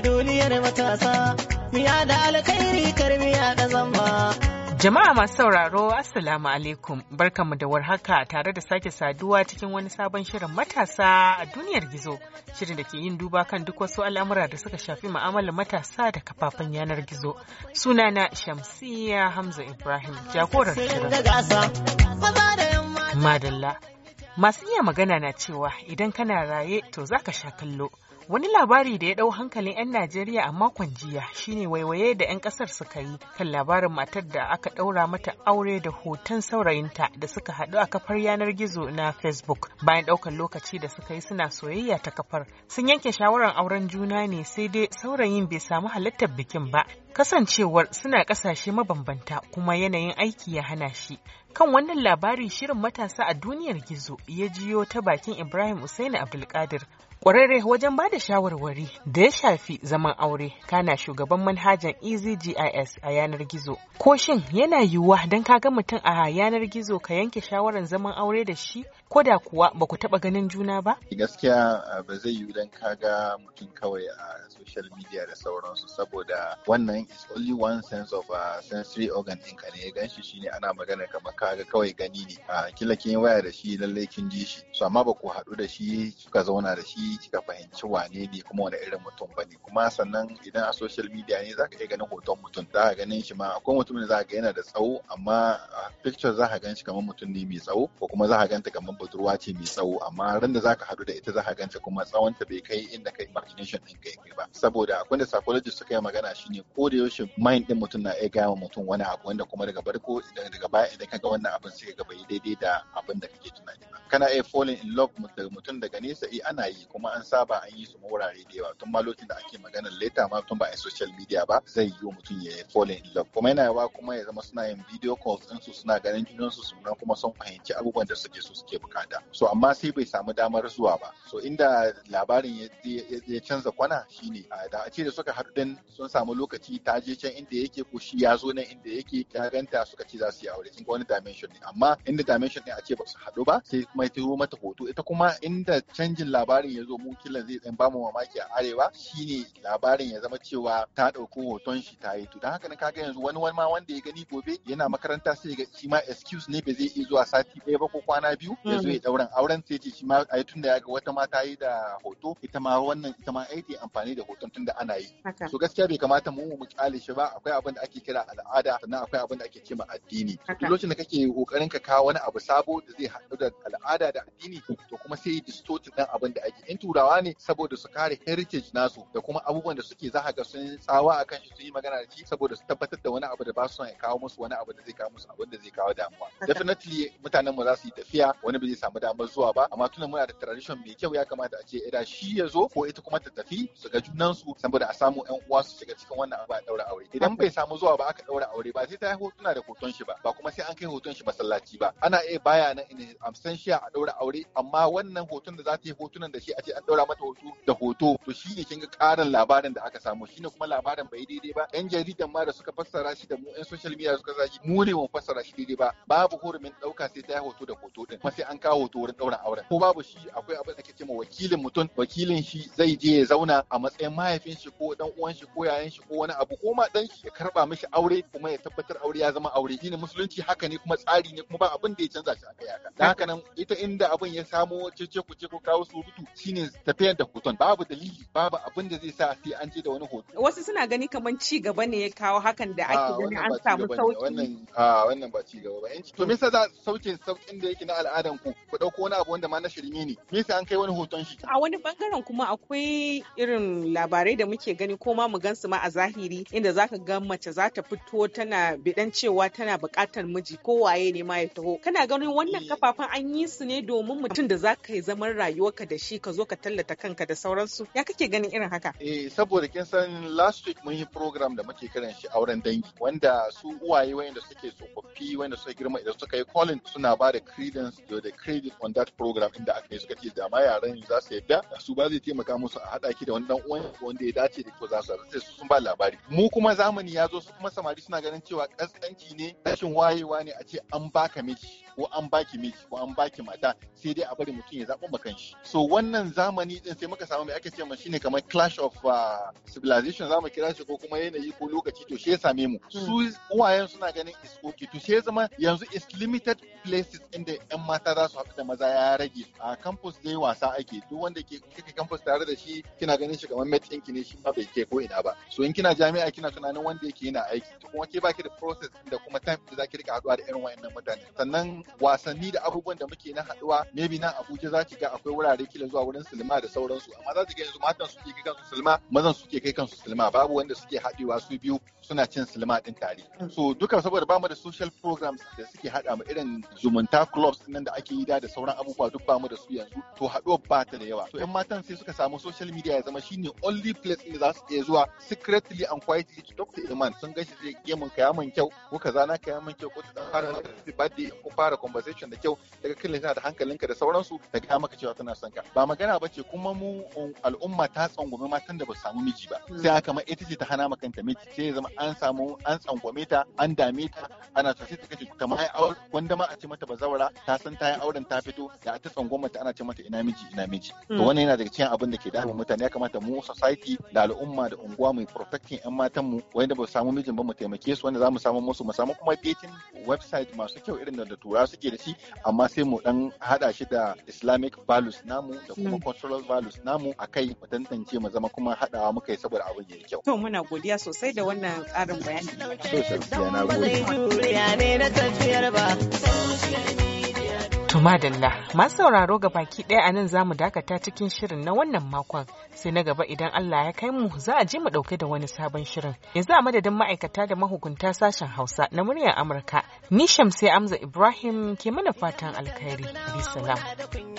duniyar matasa, miya da alkhairi karmiya da zamba. Jama'a masu sauraro, Assalamu alaikum, barkanmu da warhaka tare da sake saduwa cikin wani sabon shirin matasa a duniyar gizo, shirin da ke yin duba kan duk wasu al'amura da suka shafi ma'amalar matasa da kafafen yanar gizo. Sunana Shamsiyya Hamza Ibrahim, jagorar shirin. Madalla. Masu iya magana na cewa idan kana raye to zaka sha kallo, Wani labari da ya ɗau hankalin 'yan Najeriya a makon jiya shine waiwaye da 'yan ƙasar suka yi kan labarin matar da aka ɗaura mata aure da hoton saurayinta da suka haɗu a kafar yanar gizo na Facebook. Bayan ɗaukar lokaci da suka yi suna soyayya ta kafar, sun yanke shawarar auren juna ne sai dai saurayin bai samu halittar bikin ba. Kasancewar suna ƙasashe mabambanta kuma yanayin aiki ya hana shi. Kan wannan labari shirin matasa a duniyar gizo ya jiyo ta bakin Ibrahim Usaini Abdulkadir kwararre wajen ba da shawarwari da ya shafi zaman aure kana shugaban manhajan EZGIS a yanar gizo. Ko shin yana yiwuwa don ka ga mutum a yanar gizo ka yanke shawarar zaman aure da shi ko da kuwa ba ku taɓa ganin juna ba? Gaskiya ba zai yiwu don kaga mutum kawai a social media da sauransu saboda wannan is only one sense of a sensory organ in ka ne ya gan shi shine ana magana kamar kaga kawai gani ne a kila waya da shi lallai kin ji shi so amma ba ku haɗu da shi kika zauna da shi kika fahimci wane ne kuma wani irin mutum ba ne kuma sannan idan a social media ne za ka iya ganin hoton mutum za ka ganin shi ma akwai mutum ne za ka ga yana da tsawo amma a picture za ka gan shi kamar mutum ne mai tsawo ko kuma za ka ganta kamar budurwa ce mai tsawo amma ran da zaka hadu da ita zaka ganta kuma tsawon ta bai kai inda kai imagination ɗin kai kai ba saboda akwai da psychologist suka yi magana shine ko da yaushe mind ɗin mutum na iya gaya wa mutum wani abu wanda kuma daga barko daga baya idan ka ga wannan abin sai ka ga bai daidai da abin da kake tunani ba kana iya falling in love daga mutum daga nesa eh ana yi kuma an saba an yi su wurare da yawa tun ma lokacin da ake maganar leta ma tun ba a social media ba zai yi mutum ya falling in love kuma yana yawa kuma ya zama suna yin video calls din su suna ganin junan su suna kuma sun fahimci abubuwan da suke so suke bukata so amma sai bai samu damar zuwa ba so inda labarin ya canza kwana shine da a ce da suka haɗu din sun samu lokaci ta je can inda yake ko shi ya zo nan inda yake ya ganta suka ce za su yi aure kin ga wani dimension ne amma inda dimension ne a ce ba su haɗu ba sai mai ya mata hoto ita kuma inda canjin labarin ya zo mu kila zai dan bamu mamaki a arewa shine labarin ya zama cewa ta ɗauko hoton shi ta yi to don haka kaga yanzu wani wani ma wanda ya gani gobe yana makaranta sai ga shi ma excuse ne ba zai iya zuwa sati ɗaya ba ko kwana biyu ya zo ya mm. ɗauran auren sai ce shi ma ai tunda ya ga wata ma ta yi da hoto ita ma wannan ita ma ai amfani da hoton tunda ana yi so gaskiya bai kamata mu mu kyale shi ba akwai abin da ake kira al'ada sannan akwai abin da ake cewa addini duk lokacin da kake kokarin ka kawo wani abu sabo da zai haɗu da al'ada al'ada da addini to kuma sai distortin dan abin da ake in turawa ne saboda su kare heritage nasu da kuma abubuwan da suke za ga sun tsawa akan shi sun yi magana da shi saboda su tabbatar da wani abu da ba su son ya kawo musu wani abu da zai kawo musu abin da zai kawo damuwa definitely mutanen mu za su yi tafiya wani ba zai samu damar zuwa ba amma tunan muna da tradition mai kyau ya kamata a ce ida shi ya zo ko ita kuma ta tafi su ga junan su saboda a samu yan uwa su shiga cikin wannan abu a daura aure idan bai samu zuwa ba aka daura aure ba sai ta hotuna da hoton shi ba ba kuma sai an kai hoton shi masallaci ba ana iya baya na in absentia a ɗaura aure amma wannan hoton da za ta yi hotunan da shi a ce an ɗaura mata hoto da hoto to shi ne kinga ƙarin labarin da aka samu shi ne kuma labarin bai daidai ba yan jaridan ma da suka fassara shi da mu yan social media suka sa shi mu ne mu fassara shi daidai ba babu hurumin ɗauka sai ta yi hoto da hoto din kuma sai an kawo hoto wurin ɗaura auren ko babu shi akwai abin da ake cewa wakilin mutum wakilin shi zai je ya zauna a matsayin mahaifin shi ko dan uwan shi ko yayan shi ko wani abu ko ma dan shi ya karba mishi aure kuma ya tabbatar aure ya zama aure shine musulunci haka ne kuma tsari ne kuma ba abin da ya canza shi kai haka dan haka nan ita inda abin ya samo cece ku ce ko kawo surutu shine tafiyar da hoton babu dalili babu abin da zai sa sai an je da wani hoto wasu suna gani kamar ci gaba ne ya kawo hakan da ake ah, gani an samu sauki wannan a ah, wannan ba ci gaba ba to me yasa za sauke saukin da yake na al'adan ku ku dauko wani abu wanda ma na shirme ne me yasa an kai wani hoton shi a wani bangaren kuma akwai irin labarai da muke gani ko ma mu gansu ma a zahiri inda zaka ga mace za ta fito tana bidan cewa tana buƙatar miji ko waye ne ma ya taho kana ganin wannan eh. kafafen an yi su ne domin mutum da za ka yi zaman rayuwarka da shi ka zo ka tallata kanka da sauransu ya kake ganin irin haka eh saboda kin san last week mun yi program da muke kiran shi auren dangi wanda su uwaye wayanda suke tsofaffi wayanda suka girma idan suka yi calling suna ba da credence da credit on that program inda aka yi suka ce da ma yaran za su yadda su ba zai taimaka musu a haɗa ki da wani dan uwan wanda ya dace da ko za su sai su sun ba labari mu kuma zamani ya zo su kuma samari suna ganin cewa kaskanci ne rashin wayewa ne a ce an baka miji ko an baki miji ko an baki mata sai dai a bari mutum ya zaɓa ma kanshi so wannan zamani din sai muka samu mai ake cewa shine kamar clash of ah, civilization zamu kira shi ko kuma yanayi ko lokaci to shi ya same mu hmm. su uwayen suna ganin is okay to shi ya zama yanzu is limited places inda yan mata za su haɗu da maza ya rage a campus dai wasa ake duk wanda ke kake campus tare da shi kina ganin shi kamar mate ɗinki ne shi ma bai ke ko ina ba so in kina jami'a kina tunanin wanda yake yana aiki to kuma ke baki da process da kuma time da zaki rika haɗuwa da irin wa'annan mutane sannan wasanni da abubuwan da muke na haɗuwa maybe nan Abuja za ki ga akwai wurare kila zuwa wurin silma da sauransu amma za ki ga yanzu matan suke kai kansu silma mazan suke kai kansu silma babu wanda suke haɗewa su biyu suna cin silma din tare so duka saboda bamu da social programs da suke haɗa mu irin zumunta clubs nan da ake yi da da sauran abubuwa duk bamu da su yanzu to haɗuwar ba ta da yawa to yan matan sai suka samu social media ya zama shine only place inda za su iya zuwa secretly and quietly to talk to iman sun gashi zai gemun ka mun kyau ko kaza na ka mun kyau ko ta fara birthday ko fara conversation da kyau daga kila tana da hankalinka da sauransu ta gaya maka cewa tana son ka ba magana ba ce kuma mu um, al'umma ta tsangwame matan da ba samu miji ba hmm. sai haka ma ita ce ta hana maka ta miji sai ya zama an samu an tsangwame ta an dame ta ana so sai ta kace ta mai aure wanda ma a ce mata bazawara ta san ta yi auren ta fito da ta tsangwama ta ana ce mata ina miji ina miji to hmm. wannan yana daga cikin abin da ke damun mutane ya kamata mu society da al'umma da unguwa mu protecting yan matan mu wanda ba samu mijin ba mu taimake su wanda za mu samu musu mu samu kuma dating website masu kyau irin da tura suke da shi amma sai mu dan an haɗa shi da islamic values namu da kuma hmm. cultural values namu a kai mu tantance mu zama kuma haɗawa muka yi saboda abin yayi kyau. To muna godiya sosai da wannan ƙarin bayani. na gode. To madalla, masu sauraro ga baki ɗaya a nan za mu dakata cikin shirin na wannan makon sai na gaba idan Allah ya kai mu za a je mu ɗauke da wani sabon shirin. Yanzu a madadin ma'aikata da mahukunta sashen Hausa na muryar Amurka, ni sai Amza Ibrahim ke mana fatan alkhairi. Bisalam.